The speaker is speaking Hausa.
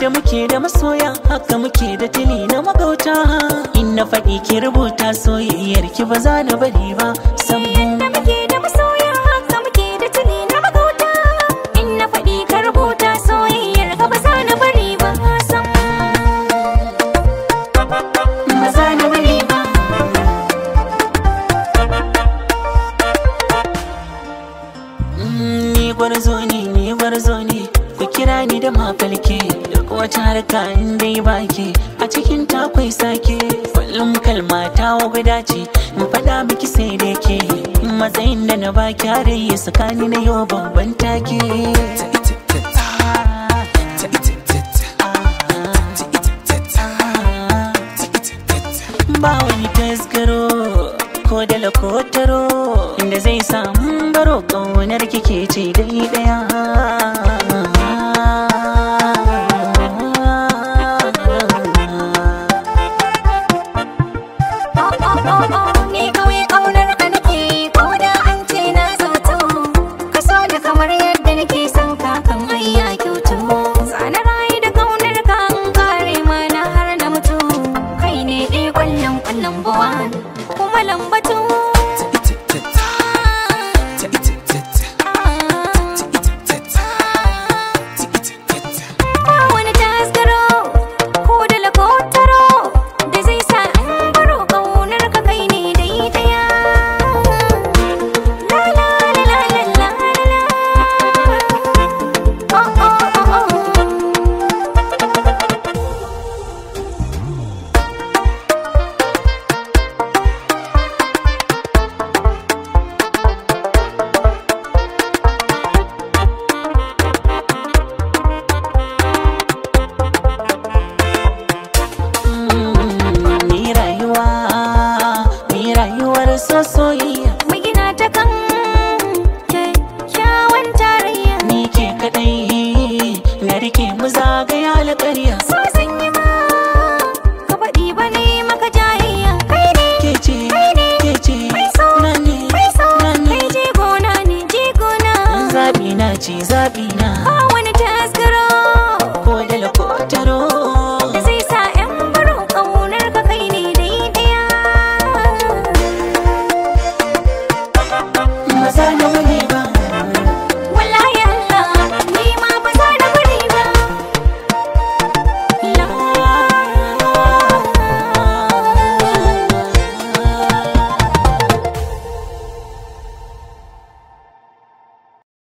yadda muke da masoya haka muke da tuni na magauta in na faɗi ki rubuta soyayyar ki ba za na bari ba san muke da masoya haka muke da tuni na magauta in na faɗi ki rubuta soyayyar ka ba za na bari ba san ba za na bari ba mm, ni gwarzo ne ni gwarzo ne ku kira ni da mafalke duk wata harka in dai baki a cikin takwai sake kullum kalma ta guda ce mu faɗa miki sai da ke matsayin da na baki har yi na yau babban take ba wani tasgaro ko da lakotaro zai samu baro ƙaunar kike ce dai daya oh, oh, oh. kaɗai na rike mu zagaya alƙarya yi ka faɗi ba maka jayayya kai ne ke ce ke ce kai ne zaɓi na ce ba wani taskaro ko dala ko taro zai sa 'yan baro ƙaunar ka kai ne dai ɗaya maza